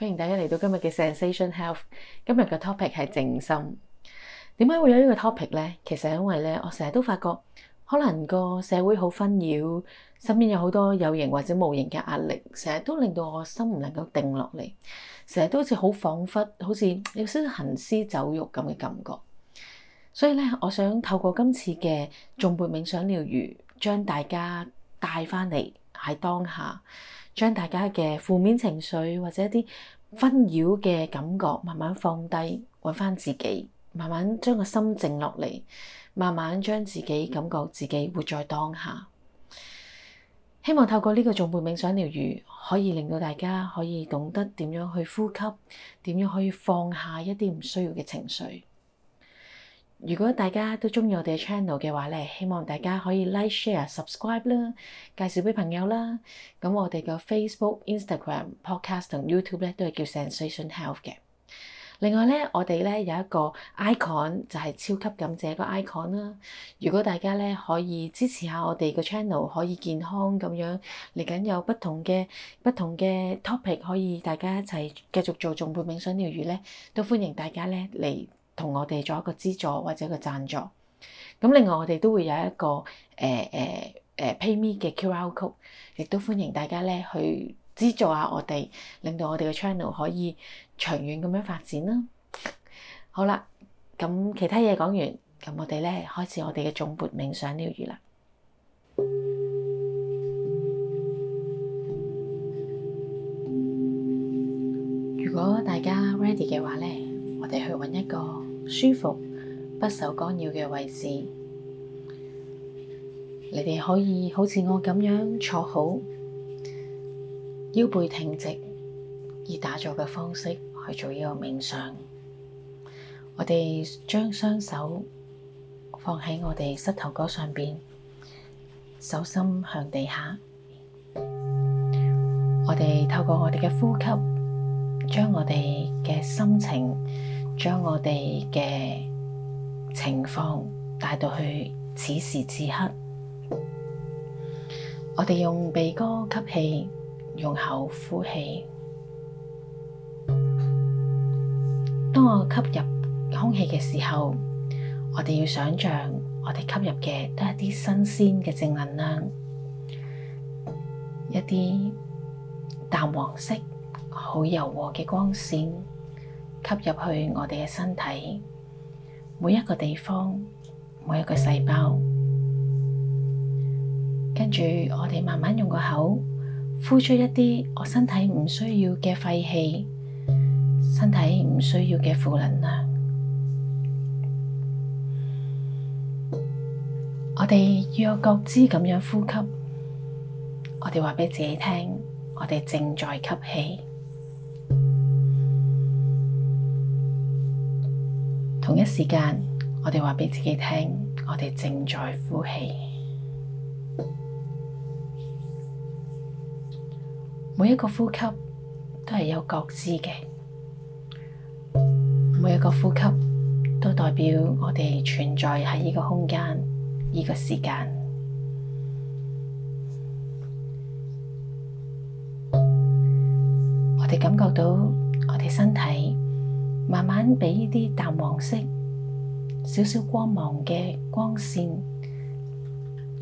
歡迎大家嚟到今日嘅 Zensation Health。今日嘅 topic 係靜心。點解會有呢個 topic 呢？其實因為咧，我成日都發覺可能個社會好紛擾，身邊有好多有形或者無形嘅壓力，成日都令到我心唔能夠定落嚟，成日都好似好恍惚，好似有少少行屍走肉咁嘅感覺。所以咧，我想透過今次嘅頌缽冥想療癒，將大家帶翻嚟喺當下。將大家嘅負面情緒或者一啲紛擾嘅感覺慢慢放低，搵返自己，慢慢將個心靜落嚟，慢慢將自己感覺自己活在當下。希望透過呢個頌缽冥想療癒，可以令到大家可以懂得點樣去呼吸，點樣可以放下一啲唔需要嘅情緒。如果大家都鍾意我哋嘅 channel 嘅話咧，希望大家可以 like、share、subscribe 啦，介紹俾朋友啦。咁我哋嘅 Facebook、Instagram、Podcast 同 YouTube 咧都係叫 Sensation Health 嘅。另外咧，我哋咧有一個 icon 就係超級感謝個 icon 啦。如果大家咧可以支持下我哋個 channel，可以健康咁樣嚟緊有不同嘅不同嘅 topic，可以大家一齊繼續做頌缽冥想療癒咧，都歡迎大家咧嚟，同我哋做一個資助或者一個贊助，咁另外我哋都會有一個誒誒、欸、誒、欸欸、PayMe 嘅 QR code，亦都歡迎大家咧去資助下我哋，令到我哋嘅 channel 可以長遠咁樣發展啦。好啦，咁其他嘢講完，咁我哋咧開始我哋嘅頌缽冥想療癒啦。 如果大家 ready 嘅話咧，我哋去搵一個。舒服、不受干擾嘅位置，你哋可以好似我咁樣坐好，腰背挺直，以打坐嘅方式去做呢個冥想。我哋將雙手放喺我哋膝頭哥上邊，手心向地下。我哋透過我哋嘅呼吸，將我哋嘅心情。將我哋嘅情況帶到去此時此刻，我哋用鼻哥吸氣，用口呼氣。當我吸入空氣嘅時候，我哋要想象我哋吸入嘅都係一啲新鮮嘅正能量，一啲淡黃色、好柔和嘅光線。吸入去我哋嘅身體每一個地方，每一個細胞，跟住我哋慢慢用個口呼出一啲我身體唔需要嘅廢氣，身體唔需要嘅負能量。我哋要有覺知咁樣呼吸，我哋話畀自己聽，我哋正在吸氣。同一時間，我哋話畀自己聽，我哋正在呼氣。每一個呼吸都係有覺知嘅，每一個呼吸都代表我哋存在喺呢個空間、呢個時間。我哋感覺到我哋身體。慢慢俾呢啲淡黃色、少少光芒嘅光線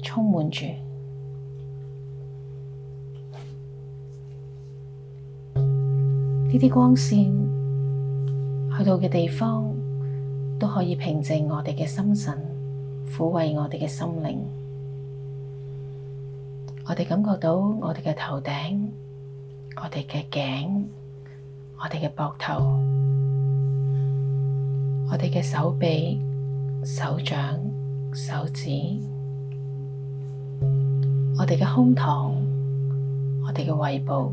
充滿住呢啲光線去到嘅地方，都可以平靜我哋嘅心神，撫慰我哋嘅心靈。我哋感覺到我哋嘅頭頂、我哋嘅頸、我哋嘅膊頭。我哋嘅手臂、手掌、手指；我哋嘅胸膛、我哋嘅胃部、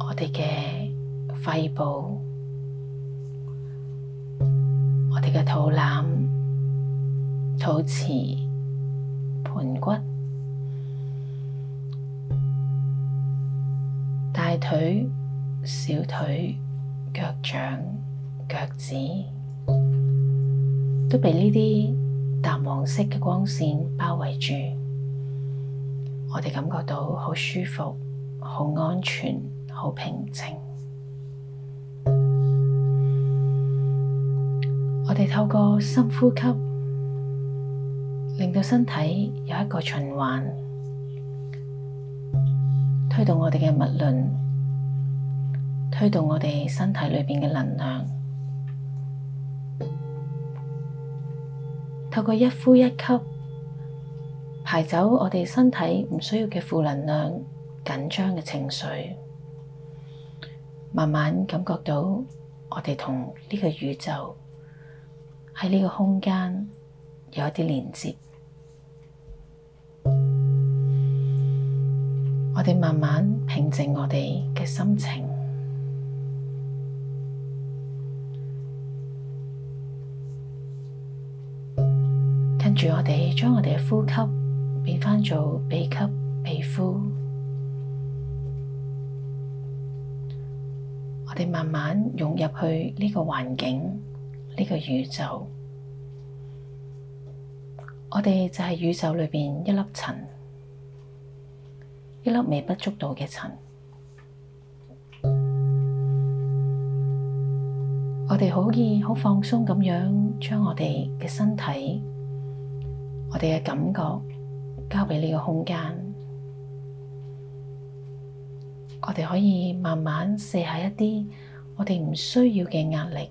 我哋嘅肺部、我哋嘅肚腩、肚臍、盆骨、大腿、小腿、腳掌、腳趾。都被呢啲淡黃色嘅光線包圍住，我哋感覺到好舒服、好安全、好平靜。我哋透過深呼吸，令到身體有一個循環，推動我哋嘅脈輪，推動我哋身體裏邊嘅能量。透過一呼一吸，排走我哋身體唔需要嘅負能量、緊張嘅情緒，慢慢感覺到我哋同呢個宇宙喺呢個空間有一啲連結，我哋慢慢平靜我哋嘅心情。跟住我哋，將我哋嘅呼吸變翻做鼻吸鼻呼。我哋慢慢融入去呢個環境，呢個宇宙。我哋就係宇宙裏邊一粒塵，一粒微不足道嘅塵。我哋可以好放鬆咁樣，將我哋嘅身體。我哋嘅感覺交畀呢個空間，我哋可以慢慢卸下一啲我哋唔需要嘅壓力，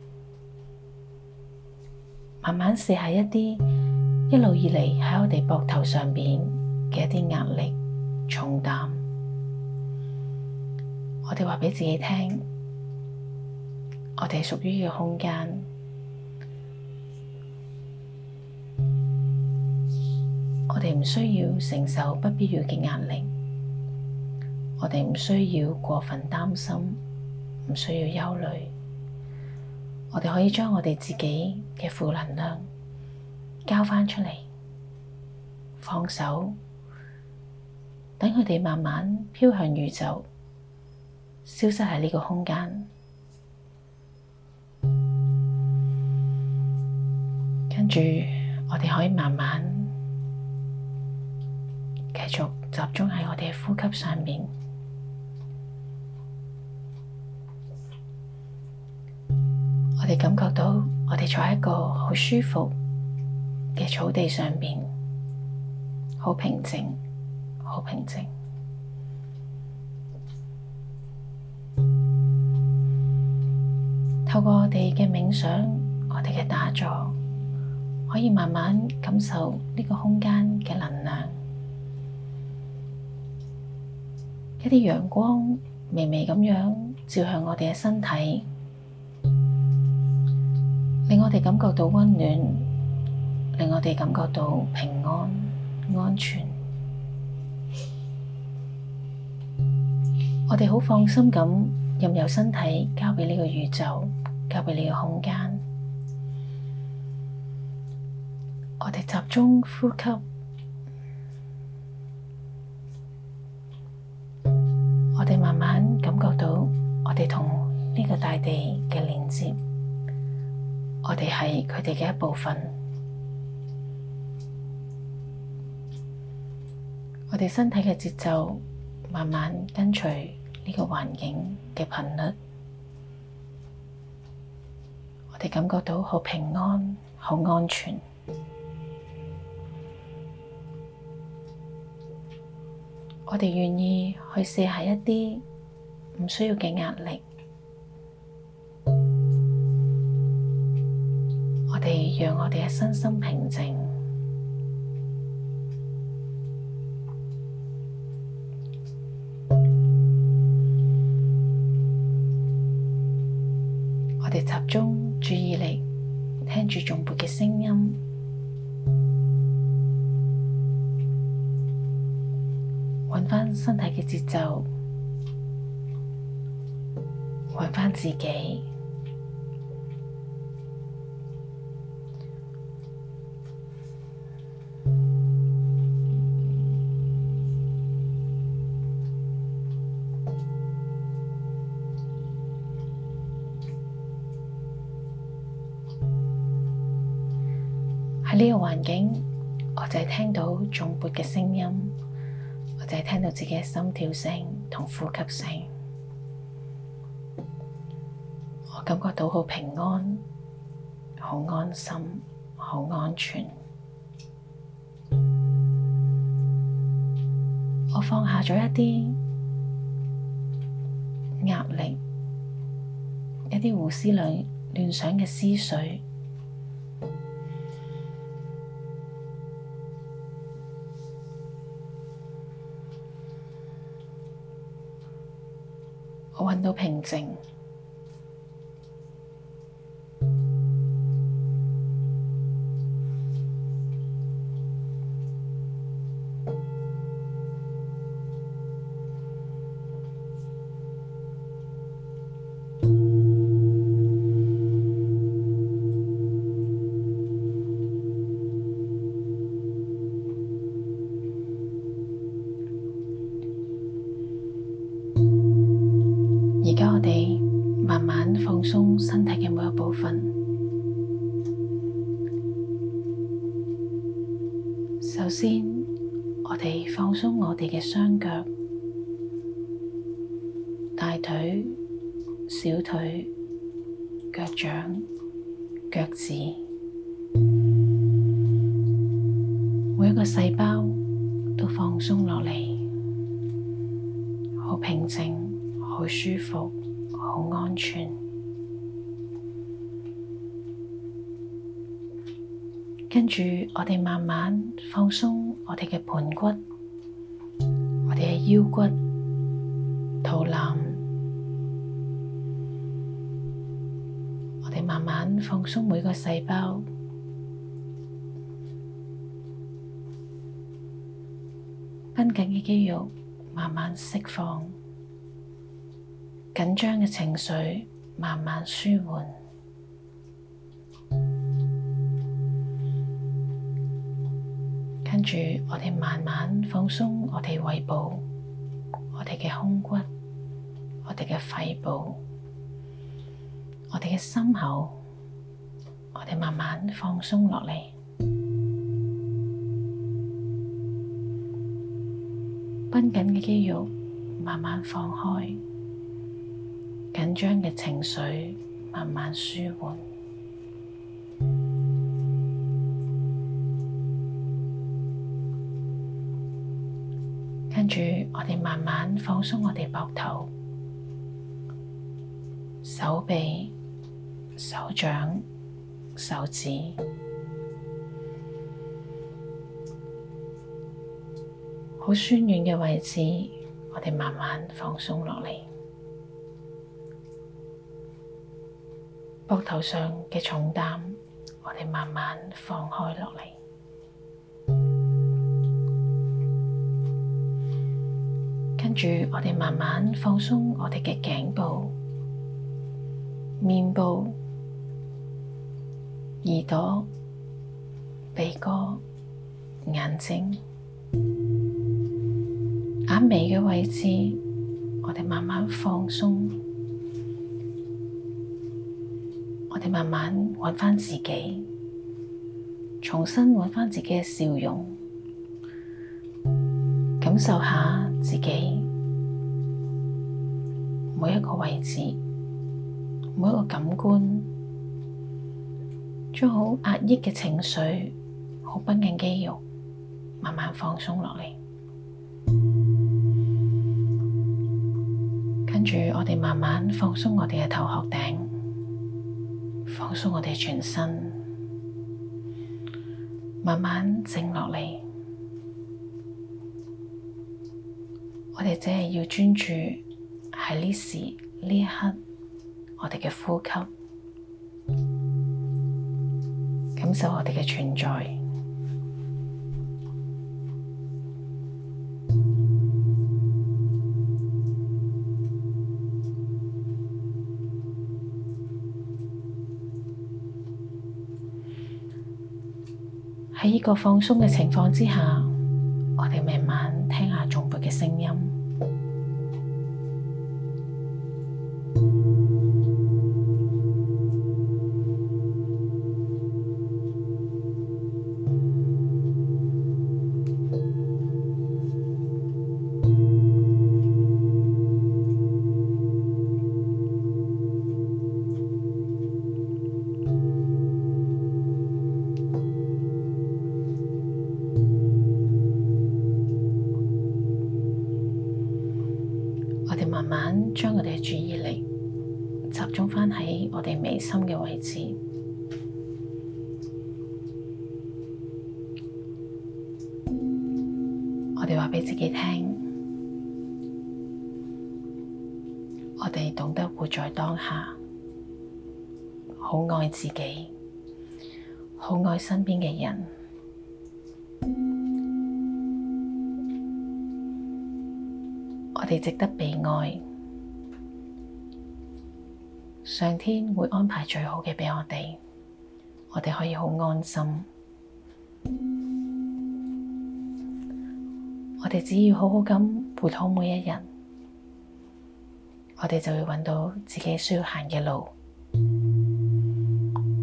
慢慢卸下一啲一路以嚟喺我哋膊頭上邊嘅一啲壓力重擔。我哋話畀自己聽，我哋係屬於呢個空間。我哋唔需要承受不必要嘅壓力，我哋唔需要過分擔心，唔需要憂慮。我哋可以將我哋自己嘅負能量交翻出嚟，放手，等佢哋慢慢飄向宇宙，消失喺呢個空間。跟住，我哋可以慢慢。繼續集中喺我哋嘅呼吸上面，我哋感覺到我哋坐喺一個好舒服嘅草地上面，好平靜，好平靜。透過我哋嘅冥想，我哋嘅打坐，可以慢慢感受呢個空間嘅能量。一啲陽光微微咁樣照向我哋嘅身體，令我哋感覺到温暖，令我哋感覺到平安、安全。我哋好放心咁，任由身體交畀呢個宇宙，交畀呢個空間。我哋集中呼吸。大地嘅連接，我哋係佢哋嘅一部分。我哋身體嘅節奏慢慢跟隨呢個環境嘅頻率，我哋感覺到好平安、好安全。我哋願意去卸下一啲唔需要嘅壓力。讓我哋嘅身心平靜， 我哋集中注意力，聽住頌缽嘅聲音，揾翻身體嘅節奏，揾翻自己。喺呢個環境，我淨係聽到頌缽嘅聲音，我淨係聽到自己嘅心跳聲同呼吸聲，我感覺到好平安、好安心、好安全。我放下咗一啲壓力，一啲胡思亂想嘅思緒。找到平靜。放鬆身體嘅每一個部分。首先，我哋放鬆我哋嘅雙腳、大腿、小腿、腳掌、腳趾，每一個細胞都放鬆落嚟，好平靜、好舒服、好安全。跟住，我哋慢慢放鬆我哋嘅盤骨、我哋嘅腰骨、肚腩。我哋慢慢放鬆每個細胞，繃緊嘅肌肉慢慢釋放，緊張嘅情緒慢慢舒緩。跟住，我哋慢慢放鬆我哋胃部，我哋嘅胸骨，我哋嘅肺部，我哋嘅心口，我哋慢慢放鬆落嚟，繃緊嘅肌肉慢慢放開，緊張嘅情緒慢慢舒緩。跟住，我哋慢慢放鬆我哋膊頭、手臂、手掌、手指，好酸軟嘅位置，我哋慢慢放鬆落嚟。膊頭上嘅重擔，我哋慢慢放開落嚟。住，跟我哋慢慢放鬆我哋嘅頸部、面部、耳朵、鼻哥、眼睛、眼眉嘅位置。我哋慢慢放鬆，我哋慢慢揾翻自己，重新揾翻自己嘅笑容，感受下自己。每一個位置，每一個感官，將好壓抑嘅情緒、好繃緊嘅肌肉，慢慢放鬆落嚟。跟住，我哋慢慢放鬆我哋嘅頭殼頂，放鬆我哋全身，慢慢靜落嚟。我哋只係要專注。喺呢時呢一刻，我哋嘅呼吸，感受我哋嘅存在，喺呢個放鬆嘅情況之下。我哋懂得活在當下，好愛自己，好愛身邊嘅人，我哋值得被愛。上天會安排最好嘅畀我哋，我哋可以好安心。我哋只要好好咁陪好每一日。我哋就會揾到自己需要行嘅路，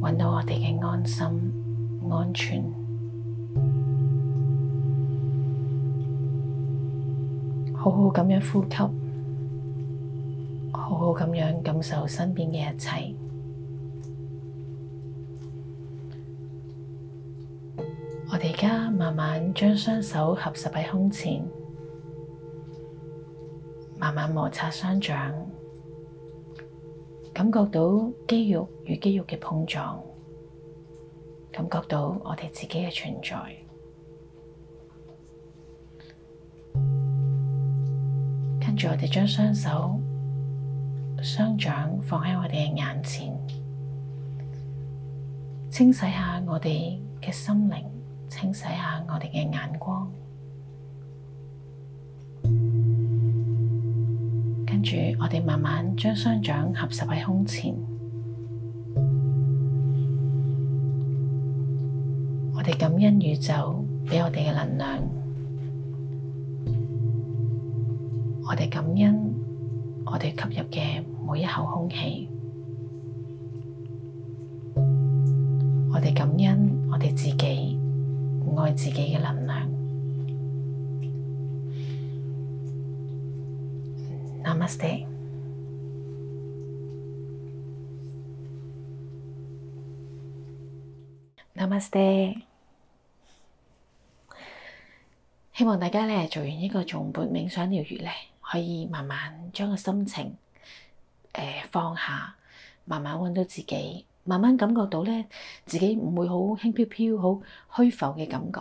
揾到我哋嘅安心、安全，好好咁樣呼吸，好好咁樣感受身邊嘅一切。我哋而家慢慢將雙手合十喺胸前。慢慢摩擦雙掌，感覺到肌肉與肌肉嘅碰撞，感覺到我哋自己嘅存在。跟住我哋將雙手雙掌放喺我哋嘅眼前，清洗下我哋嘅心靈，清洗下我哋嘅眼光。跟住，我哋慢慢將雙掌合十喺胸前。我哋感恩宇宙畀我哋嘅能量，我哋感恩我哋吸入嘅每一口空氣，我哋感恩我哋自己愛自己嘅能量。Namaste。Namaste。希望大家呢做完一個頌缽冥想療癒呢，可以慢慢將個心情誒放下，慢慢揾到自己，慢慢感覺到呢自己唔會好輕飄飄、好虛浮嘅感覺。